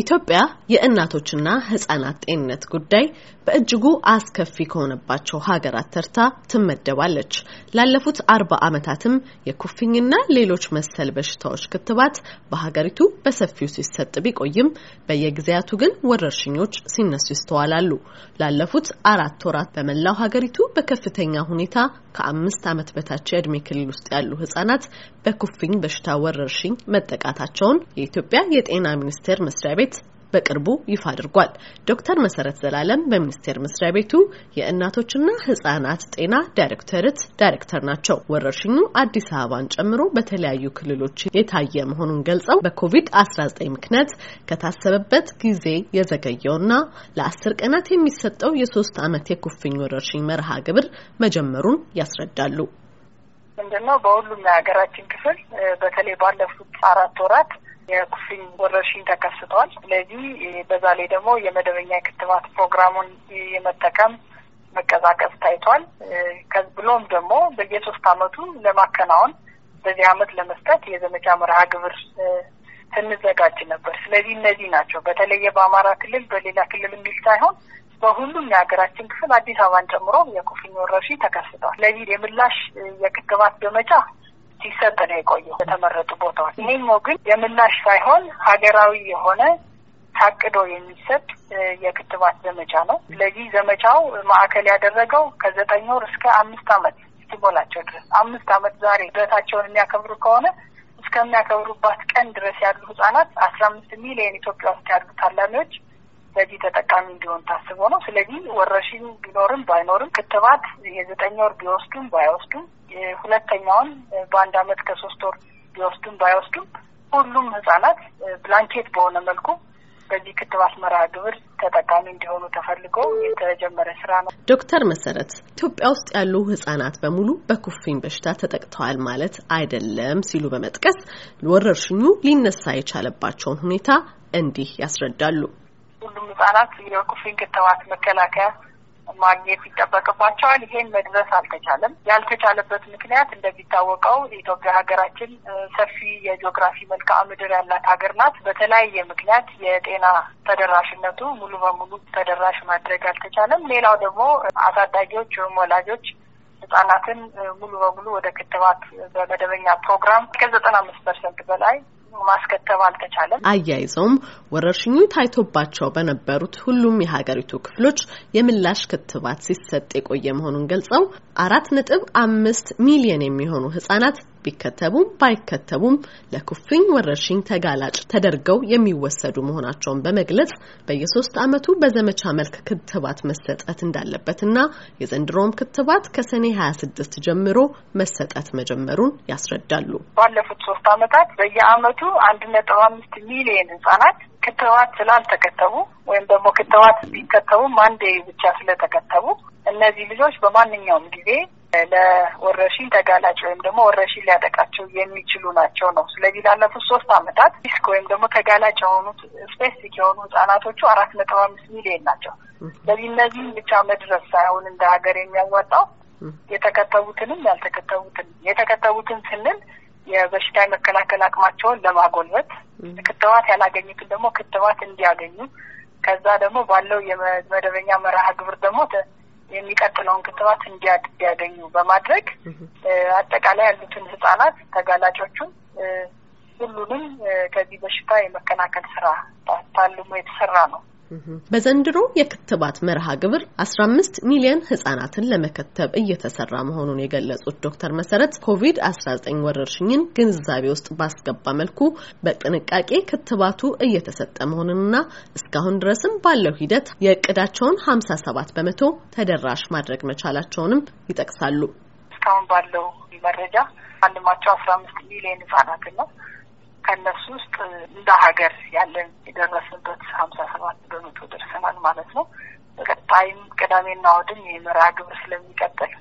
ኢትዮጵያ የእናቶችና ህጻናት ጤንነት ጉዳይ በእጅጉ አስከፊ ከሆነባቸው ሀገራት ተርታ ትመደባለች። ላለፉት አርባ ዓመታትም የኩፍኝና ሌሎች መሰል በሽታዎች ክትባት በሀገሪቱ በሰፊው ሲሰጥ ቢቆይም በየጊዜያቱ ግን ወረርሽኞች ሲነሱ ይስተዋላሉ። ላለፉት አራት ወራት በመላው ሀገሪቱ በከፍተኛ ሁኔታ ከአምስት ዓመት በታች የእድሜ ክልል ውስጥ ያሉ ህጻናት በኩፍኝ በሽታ ወረርሽኝ መጠቃታቸውን የኢትዮጵያ የጤና ሚኒስቴር መስሪያ ቤት በቅርቡ ይፋ አድርጓል። ዶክተር መሰረት ዘላለም በሚኒስቴር መስሪያ ቤቱ የእናቶችና ህጻናት ጤና ዳይሬክተርት ዳይሬክተር ናቸው። ወረርሽኙ አዲስ አበባን ጨምሮ በተለያዩ ክልሎች የታየ መሆኑን ገልጸው በኮቪድ-19 ምክንያት ከታሰበበት ጊዜ የዘገየውና ለአስር ቀናት የሚሰጠው የሶስት ዓመት የኩፍኝ ወረርሽኝ መርሃ ግብር መጀመሩን ያስረዳሉ። ምንድነው በሁሉም የሀገራችን ክፍል በተለይ ባለፉት አራት ወራት የኩፍኝ ወረርሽኝ ተከስተዋል። ስለዚህ በዛ ላይ ደግሞ የመደበኛ ክትባት ፕሮግራሙን የመጠቀም መቀዛቀዝ ታይቷል። ብሎም ደግሞ በየሶስት አመቱ ለማከናወን በዚህ አመት ለመስጠት የዘመቻ መርሃ ግብር ስንዘጋጅ ነበር። ስለዚህ እነዚህ ናቸው በተለየ በአማራ ክልል በሌላ ክልል የሚል ሳይሆን በሁሉም የሀገራችን ክፍል አዲስ አበባን ጨምሮ የኩፍኝ ወረርሽኝ ተከስቷል። ስለዚህ የምላሽ የክትባት ዘመቻ ሲሰጥ ነው የቆየው በተመረጡ ቦታዎች። ኒሞ ግን የምላሽ ሳይሆን ሀገራዊ የሆነ ታቅዶ የሚሰጥ የክትባት ዘመቻ ነው። ስለዚህ ዘመቻው ማዕከል ያደረገው ከዘጠኝ ወር እስከ አምስት አመት ሲሞላቸው ድረስ አምስት አመት ዛሬ ልደታቸውን የሚያከብሩ ከሆነ እስከሚያከብሩባት ቀን ድረስ ያሉ ህጻናት አስራ አምስት ሚሊዮን ኢትዮጵያ ውስጥ ያሉ ታላሚዎች በዚህ ተጠቃሚ እንዲሆን ታስቦ ነው። ስለዚህ ወረርሽኝ ቢኖርም ባይኖርም ክትባት የዘጠኝ ወር ቢወስዱም ባይወስዱም የሁለተኛውን በአንድ አመት ከሶስት ወር ቢወስዱም ባይወስዱም ሁሉም ህጻናት ብላንኬት በሆነ መልኩ በዚህ ክትባት መርሃ ግብር ተጠቃሚ እንዲሆኑ ተፈልጎ የተጀመረ ስራ ነው። ዶክተር መሰረት ኢትዮጵያ ውስጥ ያሉ ህጻናት በሙሉ በኩፍኝ በሽታ ተጠቅተዋል ማለት አይደለም ሲሉ በመጥቀስ ወረርሽኙ ሊነሳ የቻለባቸውን ሁኔታ እንዲህ ያስረዳሉ። ህጻናት የኩፍኝ ክትባት መከላከያ ማግኘት ይጠበቅባቸዋል። ይሄን መድረስ አልተቻለም። ያልተቻለበት ምክንያት እንደሚታወቀው የኢትዮጵያ ሀገራችን ሰፊ የጂኦግራፊ መልክዓ ምድር ያላት ሀገር ናት። በተለያየ ምክንያት የጤና ተደራሽነቱ ሙሉ በሙሉ ተደራሽ ማድረግ አልተቻለም። ሌላው ደግሞ አሳዳጊዎች ወይም ወላጆች ህጻናትን ሙሉ በሙሉ ወደ ክትባት በመደበኛ ፕሮግራም ከዘጠና አምስት ፐርሰንት በላይ ማስከተብ አልተቻለም። አያይዘውም ወረርሽኙ ታይቶባቸው በነበሩት ሁሉም የሀገሪቱ ክፍሎች የምላሽ ክትባት ሲሰጥ የቆየ መሆኑን ገልጸው አራት ነጥብ አምስት ሚሊዮን የሚሆኑ ህጻናት ቢከተቡም ባይከተቡም ለኩፍኝ ወረርሽኝ ተጋላጭ ተደርገው የሚወሰዱ መሆናቸውን በመግለጽ በየሶስት ዓመቱ በዘመቻ መልክ ክትባት መሰጠት እንዳለበትና የዘንድሮውም ክትባት ከሰኔ 26 ጀምሮ መሰጠት መጀመሩን ያስረዳሉ። ባለፉት ሶስት ዓመታት በየዓመቱ አንድ ነጥብ አምስት ሚሊየን ህጻናት ክትባት ስላልተከተቡ ወይም ደግሞ ክትባት ቢከተቡም አንዴ ብቻ ስለተከተቡ እነዚህ ልጆች በማንኛውም ጊዜ ለወረርሽኝ ተጋላጭ ወይም ደግሞ ወረርሽኝ ሊያጠቃቸው የሚችሉ ናቸው ነው። ስለዚህ ላለፉት ሶስት አመታት ሪስክ ወይም ደግሞ ተጋላጭ የሆኑት ስፔሲፊክ የሆኑ ህጻናቶቹ አራት ነጥብ አምስት ሚሊዮን ናቸው። ስለዚህ እነዚህም ብቻ መድረስ ሳይሆን እንደ ሀገር የሚያዋጣው የተከተቡትንም ያልተከተቡትንም የተከተቡትን ስንል የበሽታ የመከላከል አቅማቸውን ለማጎልበት ክትባት ያላገኙትን ደግሞ ክትባት እንዲያገኙ ከዛ ደግሞ ባለው የመደበኛ መርሃ ግብር ደግሞ የሚቀጥለውን ክትባት እንዲያገኙ በማድረግ አጠቃላይ ያሉትን ህጻናት ተጋላጮቹን ሁሉንም ከዚህ በሽታ የመከላከል ስራ ታልሞ የተሰራ ነው። በዘንድሮ የክትባት መርሃ ግብር 15 ሚሊዮን ህጻናትን ለመከተብ እየተሰራ መሆኑን የገለጹት ዶክተር መሰረት ኮቪድ-19 ወረርሽኝን ግንዛቤ ውስጥ ባስገባ መልኩ በጥንቃቄ ክትባቱ እየተሰጠ መሆኑንና እስካሁን ድረስም ባለው ሂደት የእቅዳቸውን 57 በመቶ ተደራሽ ማድረግ መቻላቸውንም ይጠቅሳሉ። እስካሁን ባለው መረጃ አንድማቸው 15 ሚሊዮን ህጻናትን ነው ከእነሱ ውስጥ እንደ ሀገር ያለን የደረስንበት ሀምሳ ሰባት በመቶ ደርሰናል ማለት ነው። በቀጣይም ቅዳሜና እሑድም የመርሃ ግብር ስለሚቀጥል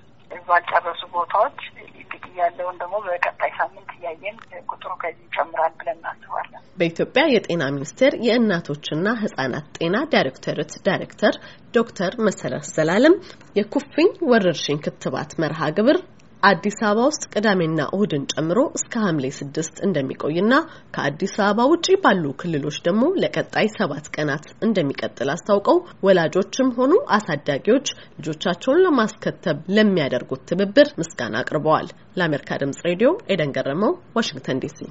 ባልጨረሱ ቦታዎች እንግዲህ ያለውን ደግሞ በቀጣይ ሳምንት እያየን ቁጥሩ ከዚህ ይጨምራል ብለን እናስባለን። በኢትዮጵያ የጤና ሚኒስቴር የእናቶችና ህጻናት ጤና ዳይሬክቶሬት ዳይሬክተር ዶክተር መሰረት ዘላለም የኩፍኝ ወረርሽኝ ክትባት መርሃ ግብር አዲስ አበባ ውስጥ ቅዳሜና እሁድን ጨምሮ እስከ ሐምሌ ስድስት እንደሚቆይና ከአዲስ አበባ ውጪ ባሉ ክልሎች ደግሞ ለቀጣይ ሰባት ቀናት እንደሚቀጥል አስታውቀው ወላጆችም ሆኑ አሳዳጊዎች ልጆቻቸውን ለማስከተብ ለሚያደርጉት ትብብር ምስጋና አቅርበዋል። ለአሜሪካ ድምጽ ሬዲዮ ኤደን ገረመው፣ ዋሽንግተን ዲሲ